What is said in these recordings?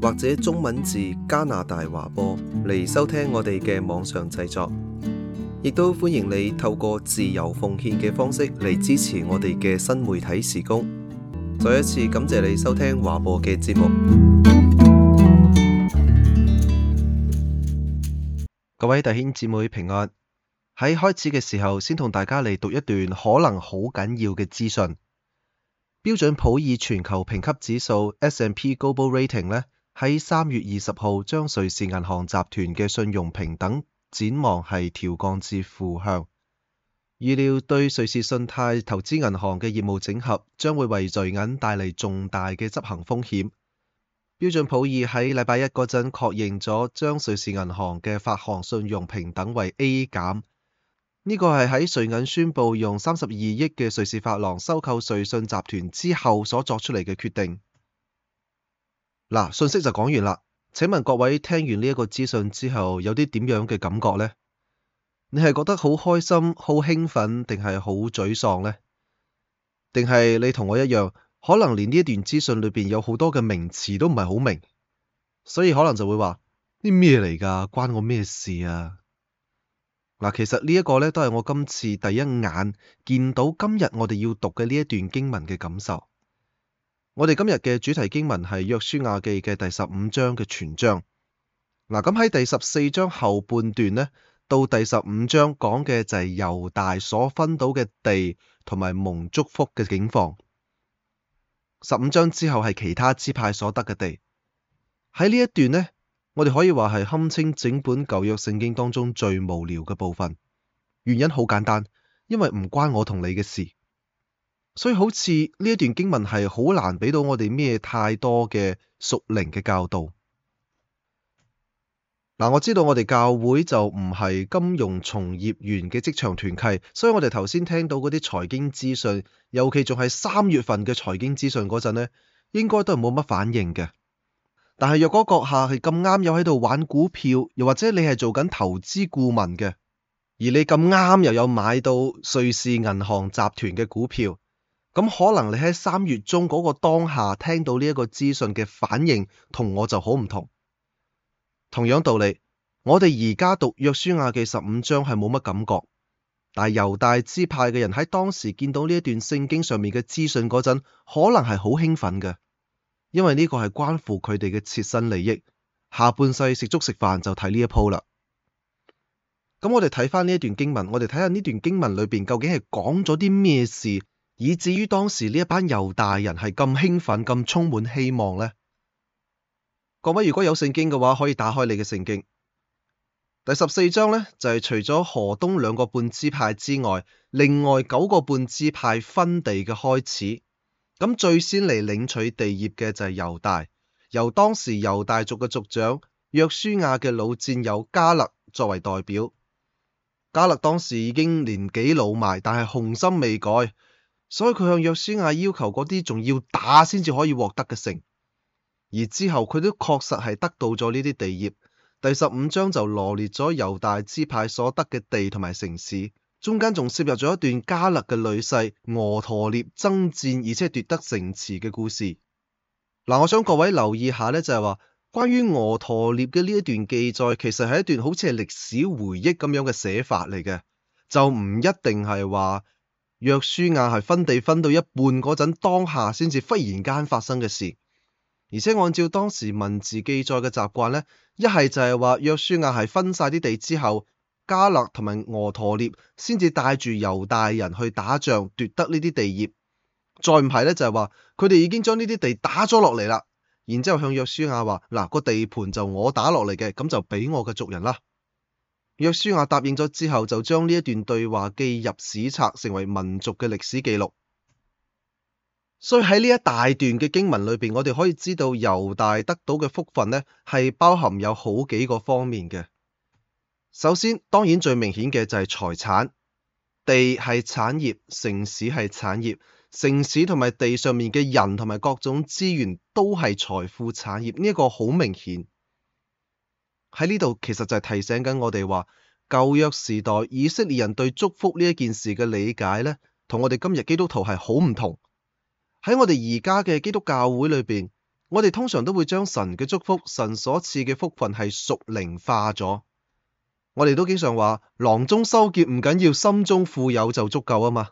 或者中文字加拿大華播嚟收聽我哋嘅網上製作，亦都歡迎你透過自由奉獻嘅方式嚟支持我哋嘅新媒體時工。再一次感謝你收聽華播嘅節目。各位弟兄姊妹平安。喺開始嘅時候，先同大家嚟讀一段可能好緊要嘅資訊。標準普爾全球評級指數 S&P Global Rating 呢。喺三月二十號，將瑞士銀行集團嘅信用評等展望係調降至負向。預料對瑞士信貸投資銀行嘅業務整合將會為瑞銀帶嚟重大嘅執行風險。標準普爾喺禮拜一嗰陣確認咗將瑞士銀行嘅發行信用評等為 A 減。呢個係喺瑞銀宣佈用三十二億嘅瑞士法郎收購瑞信集團之後所作出嚟嘅決定。嗱，信息就講完啦。請問各位聽完呢一個資訊之後，有啲點樣嘅感覺咧？你係覺得好開心、好興奮，定係好沮喪咧？定係你同我一樣，可能連呢一段資訊裏邊有好多嘅名詞都唔係好明，所以可能就會話啲咩嚟㗎？關我咩事啊？嗱，其實呢一個咧都係我今次第一眼見到今日我哋要讀嘅呢一段經文嘅感受。我哋今日嘅主題經文係約書亞記嘅第十五章嘅全章。嗱，咁喺第十四章後半段呢，到第十五章講嘅就係猶大所分到嘅地同埋蒙祝福嘅境況。十五章之後係其他支派所得嘅地。喺呢一段呢，我哋可以話係堪稱整本舊約聖經當中最無聊嘅部分。原因好簡單，因為唔關我同你嘅事。所以好似呢一段經文係好難畀到我哋咩太多嘅屬靈嘅教導。嗱、呃。我知道我哋教會就唔係金融從業員嘅職場團契，所以我哋頭先聽到嗰啲財經資訊，尤其仲係三月份嘅財經資訊嗰陣呢，應該都係冇乜反應嘅。但係若果閣下係咁啱又喺度玩股票，又或者你係做緊投資顧問嘅，而你咁啱又有買到瑞士銀行集團嘅股票。咁可能你喺三月中嗰個當下聽到呢一個資訊嘅反應同我就好唔同。同樣道理，我哋而家讀約書亞記十五章係冇乜感覺，但係猶大支派嘅人喺當時見到呢一段聖經上面嘅資訊嗰陣，可能係好興奮嘅，因為呢個係關乎佢哋嘅切身利益。下半世食粥食飯就睇呢一鋪啦。咁我哋睇翻呢一段經文，我哋睇下呢段經文裏邊究竟係講咗啲咩事？以至於當時呢一班猶大人係咁興奮、咁充滿希望呢。各位，如果有聖經嘅話，可以打開你嘅聖經。第十四章呢，就係除咗河東兩個半支派之外，另外九個半支派分地嘅開始。咁最先嚟領取地業嘅就係猶大，由當時猶大族嘅族長約書亞嘅老戰友加勒作為代表。加勒當時已經年紀老邁，但係雄心未改。所以佢向約書亞要求嗰啲仲要打先至可以獲得嘅城，而之後佢都確實係得到咗呢啲地業。第十五章就羅列咗猶大支派所得嘅地同埋城市，中間仲涉入咗一段加勒嘅女婿俄陀列爭戰，而且係奪得城池嘅故事。嗱、呃，我想各位留意下咧，就係、是、話關於俄陀列嘅呢一段記載，其實係一段好似係歷史回憶咁樣嘅寫法嚟嘅，就唔一定係話。約書亞係分地分到一半嗰陣當下，先至忽然間發生嘅事。而且按照當時文字記載嘅習慣呢，一係就係話約書亞係分晒啲地之後，迦勒同埋俄陀列先至帶住猶大人去打仗，奪得呢啲地業。再唔係呢，就係話佢哋已經將呢啲地打咗落嚟啦，然之後向約書亞話：嗱，個地盤就我打落嚟嘅，咁就畀我嘅族人啦。約書亞答應咗之後，就將呢一段對話記入史冊，成為民族嘅歷史記錄。所以喺呢一大段嘅經文裏邊，我哋可以知道猶大得到嘅福分呢，係包含有好幾個方面嘅。首先，當然最明顯嘅就係財產，地係產業，城市係產業，城市同埋地上面嘅人同埋各種資源都係財富產業，呢一個好明顯。喺呢度其實就係提醒緊我哋話，舊約時代以色列人對祝福呢一件事嘅理解呢，同我哋今日基督徒係好唔同。喺我哋而家嘅基督教會裏邊，我哋通常都會將神嘅祝福、神所賜嘅福分係屬靈化咗。我哋都經常話囊中羞澀唔緊要，心中富有就足夠啊嘛。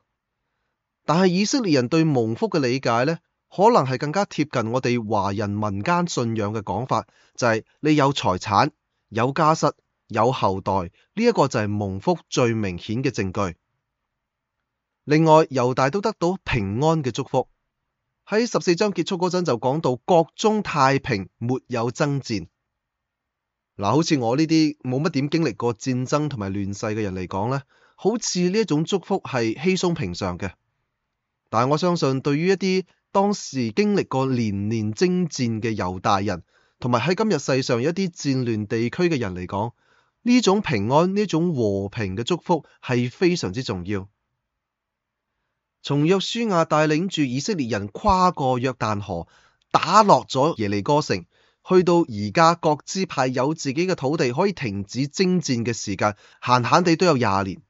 但係以色列人對蒙福嘅理解呢，可能係更加貼近我哋華人民間信仰嘅講法，就係你有財產，有家室、有後代，呢一個就係蒙福最明顯嘅證據。另外，猶大都得到平安嘅祝福。喺十四章結束嗰陣就講到國中太平，沒有爭戰。嗱、嗯，好似我呢啲冇乜點經歷過戰爭同埋亂世嘅人嚟講咧，好似呢一種祝福係稀鬆平常嘅。但係我相信，對於一啲當時經歷過連年征戰嘅猶大人，同埋喺今日世上一啲戰亂地區嘅人嚟講，呢種平安、呢種和平嘅祝福係非常之重要。從約書亞帶領住以色列人跨過約旦河，打落咗耶利哥城，去到而家各支派有自己嘅土地可以停止征戰嘅時間，閒閒地都有廿年。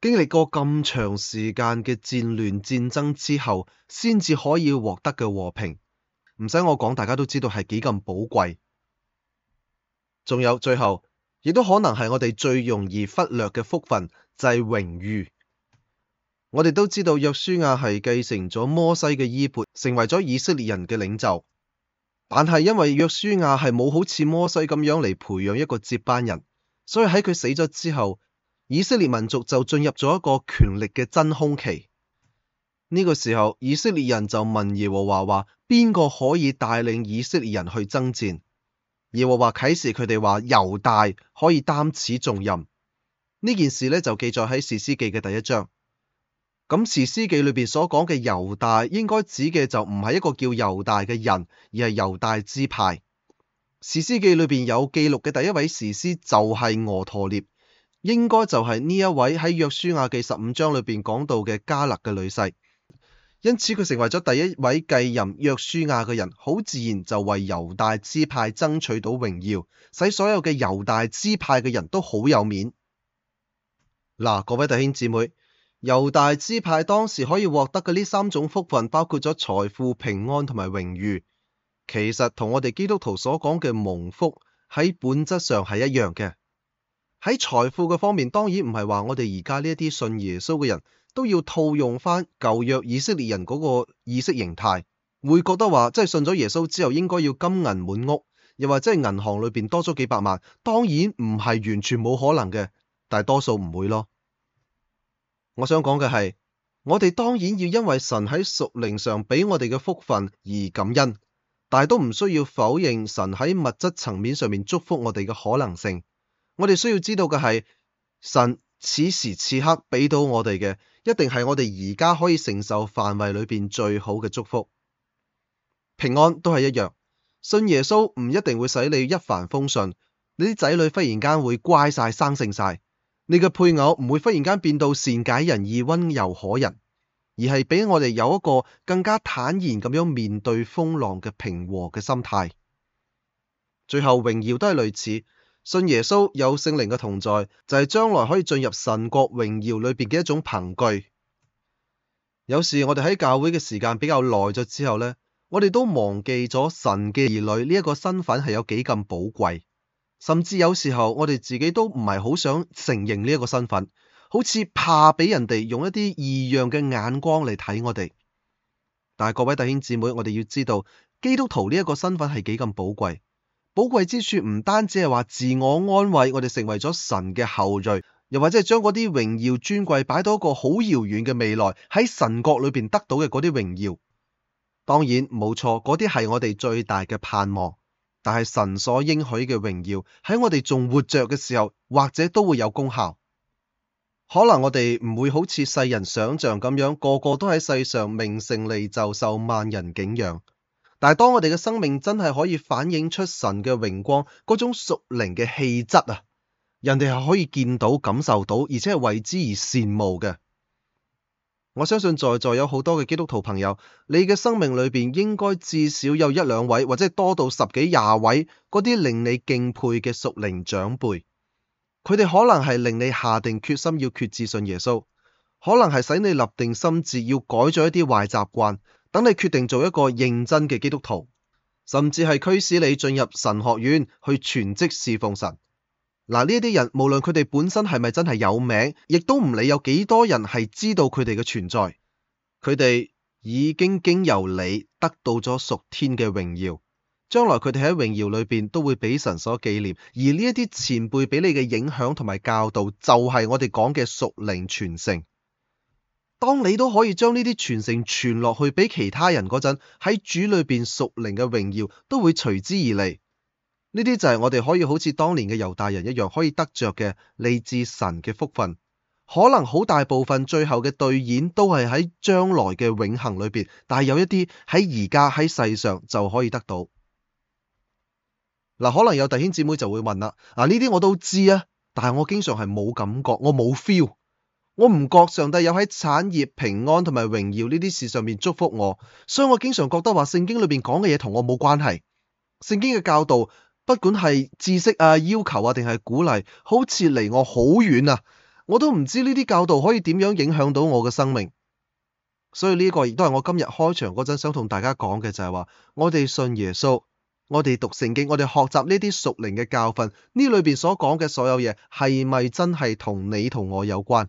經歷過咁長時間嘅戰亂、戰爭之後，先至可以獲得嘅和平。唔使我講，大家都知道係幾咁寶貴。仲有最後，亦都可能係我哋最容易忽略嘅福分，就係榮譽。我哋都知道約書亞係繼承咗摩西嘅衣缽，成為咗以色列人嘅領袖。但係因為約書亞係冇好似摩西咁樣嚟培養一個接班人，所以喺佢死咗之後，以色列民族就進入咗一個權力嘅真空期。呢個時候，以色列人就問耶和華話：邊個可以帶領以色列人去爭戰？耶和華啟示佢哋話：猶大可以擔此重任。呢件事呢，就記載喺士師記嘅第一章。咁士師記裏邊所講嘅猶大應該指嘅就唔係一個叫猶大嘅人，而係猶大支派。士師記裏邊有記錄嘅第一位士師就係俄陀列，應該就係呢一位喺約書亞記十五章裏邊講到嘅迦勒嘅女婿。因此佢成為咗第一位繼任約書亞嘅人，好自然就為猶大支派爭取到榮耀，使所有嘅猶大支派嘅人都好有面。嗱，各位弟兄姊妹，猶大支派當時可以獲得嘅呢三種福分，包括咗財富、平安同埋榮譽，其實同我哋基督徒所講嘅蒙福喺本質上係一樣嘅。喺財富嘅方面，當然唔係話我哋而家呢一啲信耶穌嘅人。都要套用翻舊約以色列人嗰個意識形態，會覺得話，即係信咗耶穌之後應該要金銀滿屋，又或者係銀行裏邊多咗幾百萬，當然唔係完全冇可能嘅，但係多數唔會咯。我想講嘅係，我哋當然要因為神喺屬靈上俾我哋嘅福分而感恩，但係都唔需要否認神喺物質層面上面祝福我哋嘅可能性。我哋需要知道嘅係，神此時此刻俾到我哋嘅。一定係我哋而家可以承受範圍裏邊最好嘅祝福，平安都係一樣。信耶穌唔一定會使你一帆風順，你啲仔女忽然間會乖晒生性晒，你嘅配偶唔會忽然間變到善解人意溫柔可人，而係畀我哋有一個更加坦然咁樣面對風浪嘅平和嘅心態。最後榮耀都係類似。信耶穌有聖靈嘅同在，就係將來可以進入神國榮耀裏邊嘅一種憑據。有時我哋喺教會嘅時間比較耐咗之後呢，我哋都忘記咗神嘅兒女呢一個身份係有幾咁寶貴。甚至有時候我哋自己都唔係好想承認呢一個身份，好似怕畀人哋用一啲異樣嘅眼光嚟睇我哋。但係各位弟兄姊妹，我哋要知道，基督徒呢一個身份係幾咁寶貴。寶貴之處唔單止係話自我安慰，我哋成為咗神嘅後裔，又或者係將嗰啲榮耀尊貴擺到一個好遙遠嘅未來，喺神國裏邊得到嘅嗰啲榮耀，當然冇錯，嗰啲係我哋最大嘅盼望。但係神所應許嘅榮耀喺我哋仲活着嘅時候，或者都會有功效。可能我哋唔會好似世人想象咁樣，個個都喺世上名成利就、受萬人景仰。但係當我哋嘅生命真係可以反映出神嘅榮光，嗰種屬靈嘅氣質啊，人哋係可以見到、感受到，而且係為之而羨慕嘅。我相信在座有好多嘅基督徒朋友，你嘅生命裏面應該至少有一兩位，或者多到十幾廿位嗰啲令你敬佩嘅屬靈長輩，佢哋可能係令你下定決心要決志信耶穌，可能係使你立定心志要改咗一啲壞習慣，等你決定做一個認真嘅基督徒，甚至係驅使你進入神學院去全職侍奉神。嗱，呢啲人無論佢哋本身係咪真係有名，亦都唔理有幾多人係知道佢哋嘅存在，佢哋已經經由你得到咗屬天嘅榮耀。將來佢哋喺榮耀裏邊都會俾神所紀念，而呢一啲前輩俾你嘅影響同埋教導，就係我哋講嘅屬靈傳承。當你都可以將呢啲傳承傳落去畀其他人嗰陣，喺主裏邊屬靈嘅榮耀都會隨之而嚟。呢啲就係我哋可以好似當年嘅猶大人一樣，可以得着嘅嚟自神嘅福分。可能好大部分最後嘅兌現都係喺將來嘅永恆裏邊，但係有一啲喺而家喺世上就可以得到。嗱、啊，可能有弟兄姊妹就會問啦，嗱，呢啲我都知啊，但係我經常係冇感覺，我冇 feel。我唔覺上帝有喺產業、平安同埋榮耀呢啲事上面祝福我，所以我經常覺得話聖經裏邊講嘅嘢同我冇關係。聖經嘅教導，不管係知識啊、要求啊定係鼓勵，好似離我好遠啊！我都唔知呢啲教導可以點樣影響到我嘅生命。所以呢個亦都係我今日開場嗰陣想同大家講嘅，就係話我哋信耶穌，我哋讀聖經，我哋學習呢啲屬靈嘅教訓，呢裏邊所講嘅所有嘢，係咪真係同你同我有關？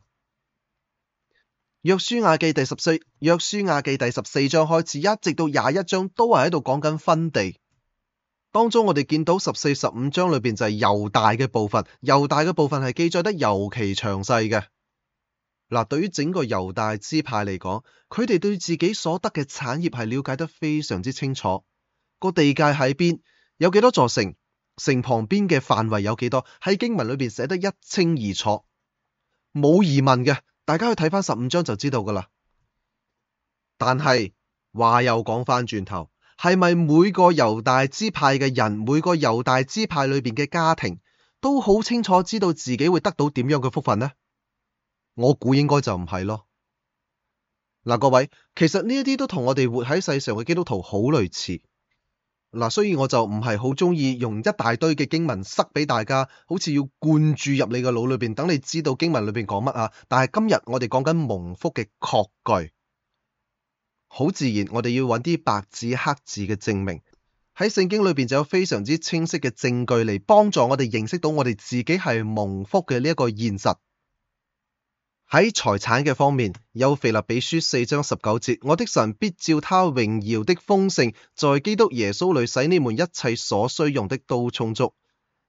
約書亞記第十四，約書亞記第十四章開始，一直到廿一章都係喺度講緊分地。當中我哋見到十四、十五章裏邊就係猶大嘅部分，猶大嘅部分係記載得尤其詳細嘅。嗱、啊，對於整個猶大支派嚟講，佢哋對自己所得嘅產業係了解得非常之清楚。個地界喺邊，有幾多座城，城旁邊嘅範圍有幾多，喺經文裏邊寫得一清二楚，冇疑問嘅。大家去睇翻十五章就知道噶啦。但係話又講翻轉頭，係咪每個猶大支派嘅人，每個猶大支派裏邊嘅家庭，都好清楚知道自己會得到點樣嘅福分呢？我估應該就唔係咯。嗱、呃，各位，其實呢一啲都同我哋活喺世上嘅基督徒好類似。嗱，雖然我就唔係好鍾意用一大堆嘅經文塞畀大家，好似要灌注入你嘅腦裏邊，等你知道經文裏邊講乜啊。但係今日我哋講緊蒙福嘅確據，好自然，我哋要揾啲白紙黑字嘅證明。喺聖經裏邊就有非常之清晰嘅證據嚟幫助我哋認識到我哋自己係蒙福嘅呢一個現實。喺財產嘅方面，有腓立比書四章十九節，我的神必照祂榮耀的豐盛，在基督耶穌裏使你們一切所需用的都充足。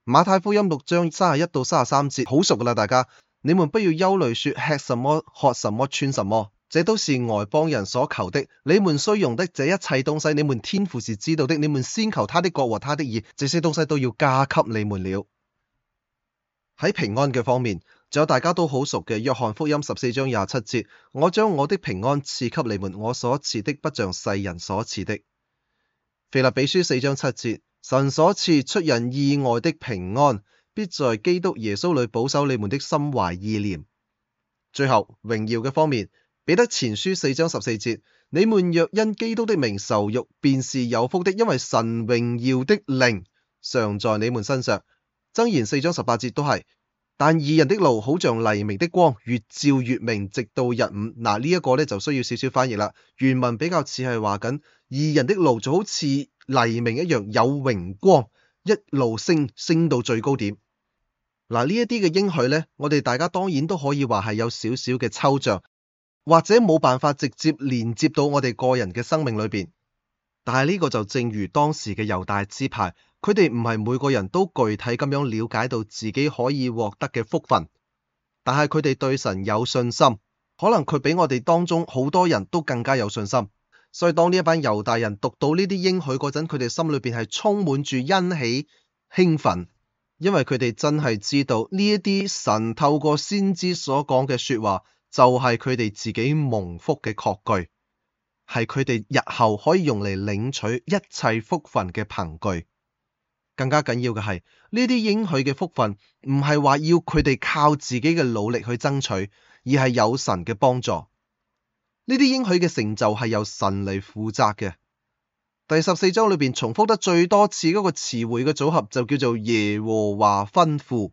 馬太福音六章三十一到三十三節，好熟噶啦，大家，你們不要憂慮，說吃什麼、喝什麼、穿什麼，這都是外邦人所求的。你們需用的這一切東西，你們天父是知道的。你們先求他的國和他的義，這些東西都要加給你們了。喺平安嘅方面。仲有大家都好熟嘅《約翰福音》十四章廿七節，我將我的平安賜給你們，我所賜的不像世人所賜的。《腓立比書》四章七節，神所賜出人意外的平安，必在基督耶穌裏保守你們的心懷意念。最後榮耀嘅方面，《彼得前書》四章十四節，你們若因基督的名受辱，便是有福的，因為神榮耀的靈常在你們身上。《箴言》四章十八節都係。但二人的路好像黎明的光，越照越明，直到日午。嗱、啊，這個、呢一個咧就需要少少翻譯啦。原文比較似係話緊，二人的路就好似黎明一樣有榮光，一路升升到最高點。嗱、啊，呢一啲嘅應許咧，我哋大家當然都可以話係有少少嘅抽象，或者冇辦法直接連接到我哋個人嘅生命裏邊。但係呢個就正如當時嘅猶大支派，佢哋唔係每個人都具體咁樣了解到自己可以獲得嘅福分，但係佢哋對神有信心，可能佢比我哋當中好多人都更加有信心。所以當呢一班猶大人讀到呢啲應許嗰陣，佢哋心裏面係充滿住欣喜興奮，因為佢哋真係知道呢一啲神透過先知所講嘅說話，就係佢哋自己蒙福嘅確據。係佢哋日後可以用嚟領取一切福分嘅憑據，更加緊要嘅係呢啲應許嘅福分，唔係話要佢哋靠自己嘅努力去爭取，而係有神嘅幫助。呢啲應許嘅成就係由神嚟負責嘅。第十四章裏邊重複得最多次嗰個詞彙嘅組合就叫做耶和華吩咐。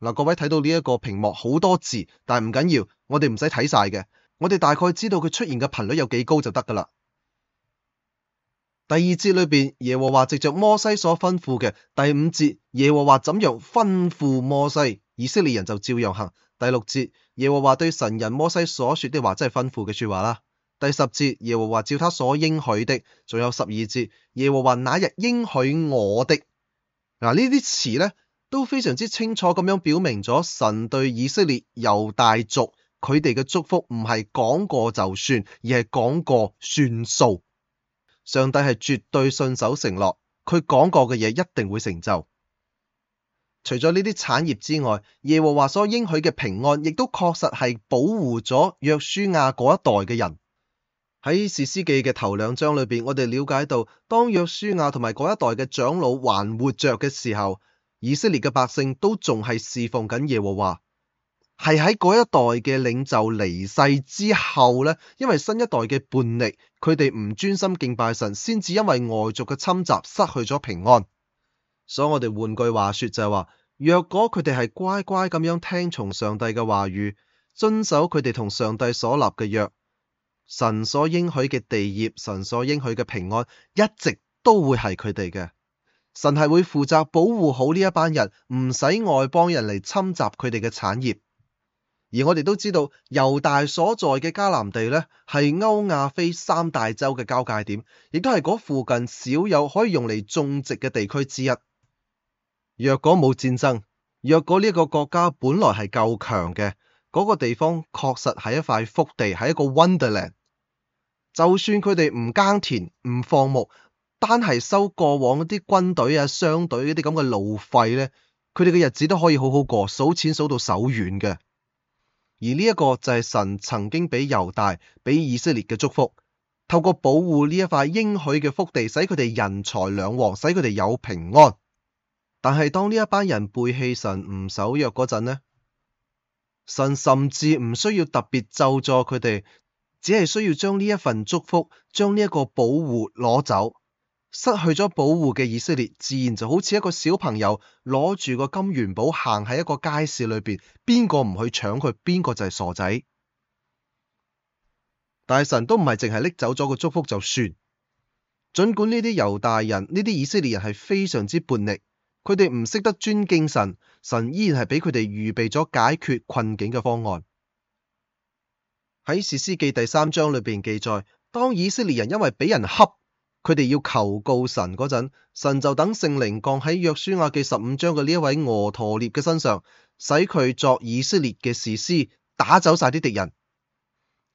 嗱、呃，各位睇到呢一個屏幕好多字，但係唔緊要，我哋唔使睇晒嘅。我哋大概知道佢出現嘅頻率有幾高就得噶啦。第二節裡面，耶和華藉着摩西所吩咐嘅，第五節，耶和華怎樣吩咐摩西，以色列人就照樣行。第六節，耶和華對神人摩西所說的話，真係吩咐嘅說話啦。第十節，耶和華照他所應許的，仲有十二節，耶和華那日應許我的，嗱、啊、呢啲詞咧都非常之清楚咁樣表明咗神對以色列猶大族。佢哋嘅祝福唔係講過就算，而係講過算數。上帝係絕對信守承諾，佢講過嘅嘢一定會成就。除咗呢啲產業之外，耶和華所應許嘅平安，亦都確實係保護咗約書亞嗰一代嘅人。喺士師記嘅頭兩章裏邊，我哋了解到，當約書亞同埋嗰一代嘅長老還活着嘅時候，以色列嘅百姓都仲係侍奉緊耶和華。係喺嗰一代嘅領袖離世之後呢，因為新一代嘅叛逆，佢哋唔專心敬拜神，先至因為外族嘅侵襲失去咗平安。所以我哋換句話說就係話，若果佢哋係乖乖咁樣聽從上帝嘅話語，遵守佢哋同上帝所立嘅約，神所應許嘅地業，神所應許嘅平安，一直都會係佢哋嘅。神係會負責保護好呢一班人，唔使外邦人嚟侵襲佢哋嘅產業。而我哋都知道，猶大所在嘅迦南地咧，係歐亞非三大洲嘅交界點，亦都係嗰附近少有可以用嚟種植嘅地區之一。若果冇戰爭，若果呢一個國家本來係夠強嘅，嗰個地方確實係一塊福地，係一個 Wonderland。就算佢哋唔耕田，唔放牧，單係收過往啲軍隊啊、商隊嗰啲咁嘅路費咧，佢哋嘅日子都可以好好過，數錢數到手軟嘅。而呢一個就係神曾經畀猶大、畀以色列嘅祝福，透過保護呢一塊應許嘅福地，使佢哋人財兩旺，使佢哋有平安。但係當呢一班人背棄神、唔守約嗰陣呢，神甚至唔需要特別咒詛佢哋，只係需要將呢一份祝福、將呢一個保護攞走。失去咗保護嘅以色列，自然就好似一個小朋友攞住個金元寶行喺一個街市裏邊，邊個唔去搶佢，邊個就係傻仔。但係神都唔係淨係拎走咗個祝福就算，盡管呢啲猶大人、呢啲以色列人係非常之叛逆，佢哋唔識得尊敬神，神依然係俾佢哋預備咗解決困境嘅方案。喺士師記第三章裏邊記載，當以色列人因為俾人恰。佢哋要求告神嗰陣，神就等聖靈降喺約書亞記十五章嘅呢一位俄陀列嘅身上，使佢作以色列嘅士師，打走晒啲敵人，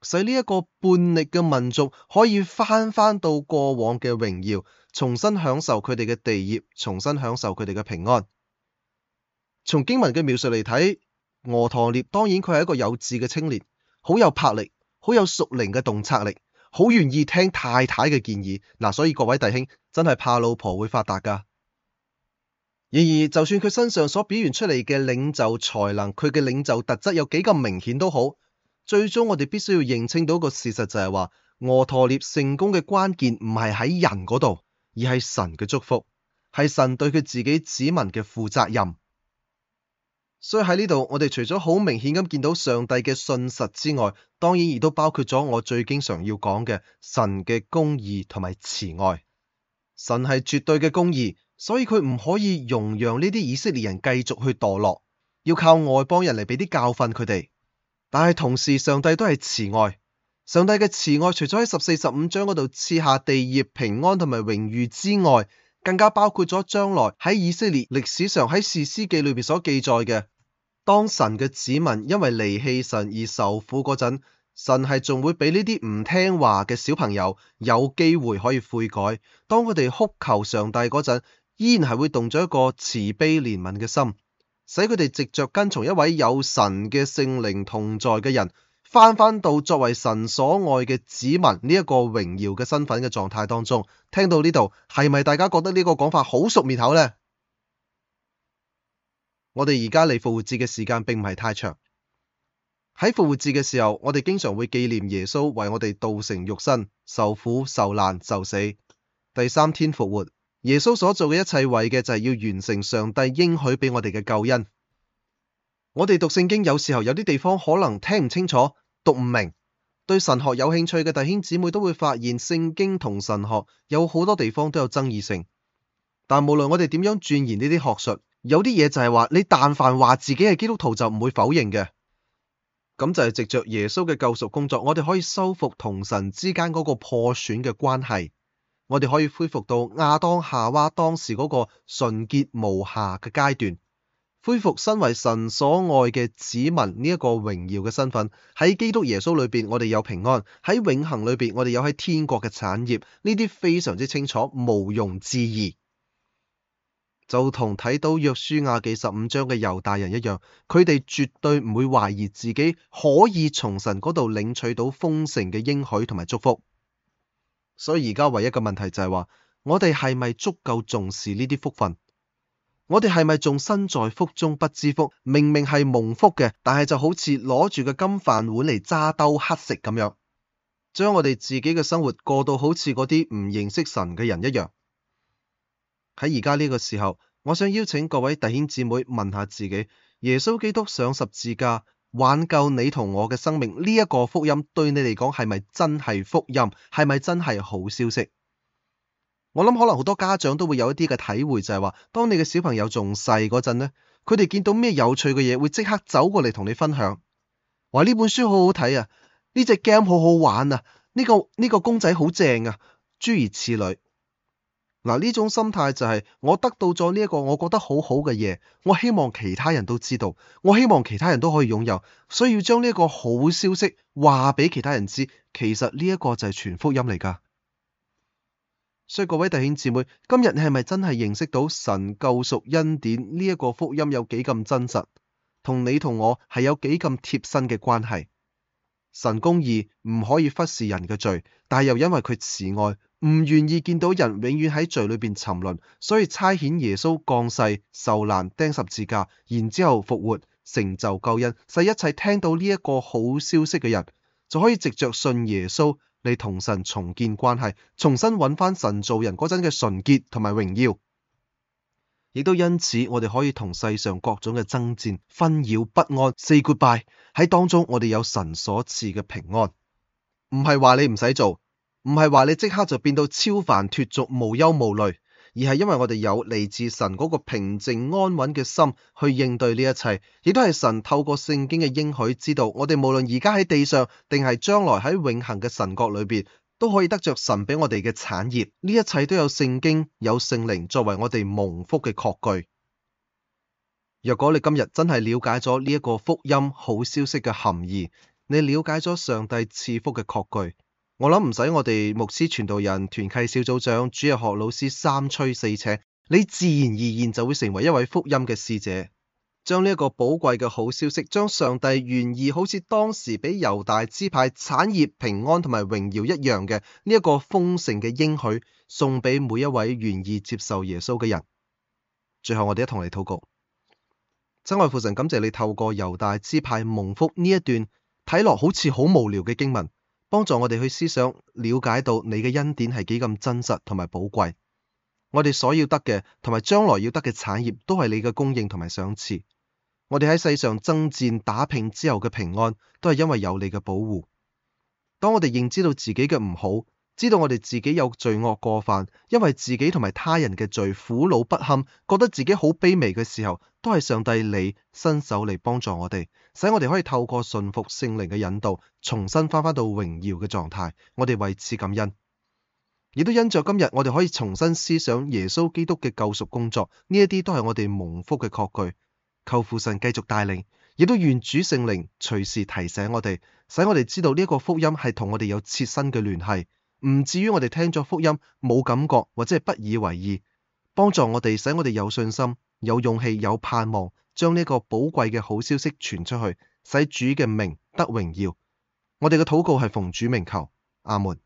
使呢一個叛逆嘅民族可以翻翻到過往嘅榮耀，重新享受佢哋嘅地業，重新享受佢哋嘅平安。從經文嘅描述嚟睇，俄陀列當然佢係一個有志嘅青年，好有魄力，好有屬靈嘅洞察力。好願意聽太太嘅建議嗱，所以各位弟兄真係怕老婆會發達㗎。然而，就算佢身上所表現出嚟嘅領袖才能，佢嘅領袖特質有幾咁明顯都好，最終我哋必須要認清到一個事實就係話，俄陀聶成功嘅關鍵唔係喺人嗰度，而係神嘅祝福，係神對佢自己子民嘅負責任。所以喺呢度，我哋除咗好明顯咁見到上帝嘅信實之外，當然亦都包括咗我最經常要講嘅神嘅公義同埋慈愛。神係絕對嘅公義，所以佢唔可以容讓呢啲以色列人繼續去墮落，要靠外邦人嚟俾啲教訓佢哋。但係同時，上帝都係慈愛。上帝嘅慈愛除咗喺十四、十五章嗰度賜下地業、平安同埋榮譽之外，更加包括咗將來喺以色列歷史上喺士師記裏邊所記載嘅。當神嘅子民因為離棄神而受苦嗰陣，神係仲會畀呢啲唔聽話嘅小朋友有機會可以悔改。當佢哋哭求上帝嗰陣，依然係會動咗一個慈悲憐憫嘅心，使佢哋藉着跟從一位有神嘅聖靈同在嘅人，返返到作為神所愛嘅子民呢一個榮耀嘅身份嘅狀態當中。聽到呢度，係咪大家覺得呢個講法好熟面頭咧？我哋而家嚟復活節嘅時間並唔係太長。喺復活節嘅時候，我哋經常會紀念耶穌為我哋道成肉身、受苦、受難、受死，第三天復活。耶穌所做嘅一切為嘅就係要完成上帝應許畀我哋嘅救恩。我哋讀聖經有時候有啲地方可能聽唔清楚、讀唔明，對神學有興趣嘅弟兄姊妹都會發現聖經同神學有好多地方都有爭議性。但無論我哋點樣鑽研呢啲學術，有啲嘢就係話，你但凡話自己係基督徒就唔會否認嘅，咁就係藉着耶穌嘅救贖工作，我哋可以修復同神之間嗰個破損嘅關係，我哋可以恢復到亞當夏娃當時嗰個純潔無瑕嘅階段，恢復身為神所愛嘅子民呢一個榮耀嘅身份。喺基督耶穌裏邊，我哋有平安；喺永恆裏邊，我哋有喺天國嘅產業。呢啲非常之清楚，毋庸置疑。就同睇到約書亞記十五章嘅猶大人一樣，佢哋絕對唔會懷疑自己可以從神嗰度領取到豐盛嘅應許同埋祝福。所以而家唯一嘅問題就係話，我哋係咪足夠重視呢啲福分？我哋係咪仲身在福中不知福？明明係蒙福嘅，但係就好似攞住個金飯碗嚟揸兜乞食咁樣，將我哋自己嘅生活過到好似嗰啲唔認識神嘅人一樣。喺而家呢個時候，我想邀請各位弟兄姊妹問下自己：耶穌基督上十字架挽救你同我嘅生命呢一個福音，對你嚟講係咪真係福音？係咪真係好消息？我諗可能好多家長都會有一啲嘅體會，就係話，當你嘅小朋友仲細嗰陣咧，佢哋見到咩有趣嘅嘢，會即刻走過嚟同你分享。話呢本書好好睇啊，呢隻 game 好好玩啊，呢個呢個公仔好正啊，諸如此類。嗱，呢種心態就係我得到咗呢一個我覺得好好嘅嘢，我希望其他人都知道，我希望其他人都可以擁有，所以要將呢一個好消息話畀其他人知。其實呢一個就係傳福音嚟㗎。所以各位弟兄姊妹，今日你係咪真係認識到神救贖恩典呢一個福音有幾咁真實，同你同我係有幾咁貼身嘅關係？神公義唔可以忽視人嘅罪，但係又因為佢慈愛。唔願意見到人永遠喺罪裏邊沉淪，所以差遣耶穌降世受難釘十字架，然之後復活成就救恩，使一切聽到呢一個好消息嘅人，就可以藉着信耶穌嚟同神重建關係，重新揾翻神造人嗰陣嘅純潔同埋榮耀。亦都因此，我哋可以同世上各種嘅爭戰紛擾不安 say goodbye，喺當中我哋有神所賜嘅平安，唔係話你唔使做。唔係話你即刻就變到超凡脫俗、無憂無慮，而係因為我哋有嚟自神嗰個平靜安穩嘅心去應對呢一切，亦都係神透過聖經嘅應許知道，我哋無論而家喺地上定係將來喺永恆嘅神國裏邊，都可以得着神畀我哋嘅產業。呢一切都有聖經、有聖靈作為我哋蒙福嘅確據。若果你今日真係了解咗呢一個福音好消息嘅含義，你了解咗上帝賜福嘅確據。我諗唔使我哋牧師、傳道人、團契小組長、主日學老師三催四請，你自然而然就會成為一位福音嘅使者，將呢一個寶貴嘅好消息，將上帝願意好似當時俾猶大支派產業平安同埋榮耀一樣嘅呢一個豐盛嘅應許，送畀每一位願意接受耶穌嘅人。最後我哋一同嚟禱告，親愛父神，感謝你透過猶大支派蒙福呢一段睇落好似好無聊嘅經文。幫助我哋去思想，了解到你嘅恩典係幾咁真實同埋寶貴。我哋所要得嘅，同埋將來要得嘅產業，都係你嘅供應同埋賞賜。我哋喺世上爭戰打拼之後嘅平安，都係因為有你嘅保護。當我哋認知到自己嘅唔好，知道我哋自己有罪惡過犯，因為自己同埋他人嘅罪苦惱不堪，覺得自己好卑微嘅時候，都係上帝你伸手嚟幫助我哋，使我哋可以透過信服聖靈嘅引導，重新翻返到榮耀嘅狀態。我哋為此感恩，亦都因着今日我哋可以重新思想耶穌基督嘅救贖工作，呢一啲都係我哋蒙福嘅確據。求父神繼續帶領，亦都願主聖靈隨時提醒我哋，使我哋知道呢一個福音係同我哋有切身嘅聯繫，唔至於我哋聽咗福音冇感覺或者係不以為意，幫助我哋，使我哋有信心。有勇氣，有盼望，將呢個寶貴嘅好消息傳出去，使主嘅名得榮耀。我哋嘅禱告係奉主名求，阿門。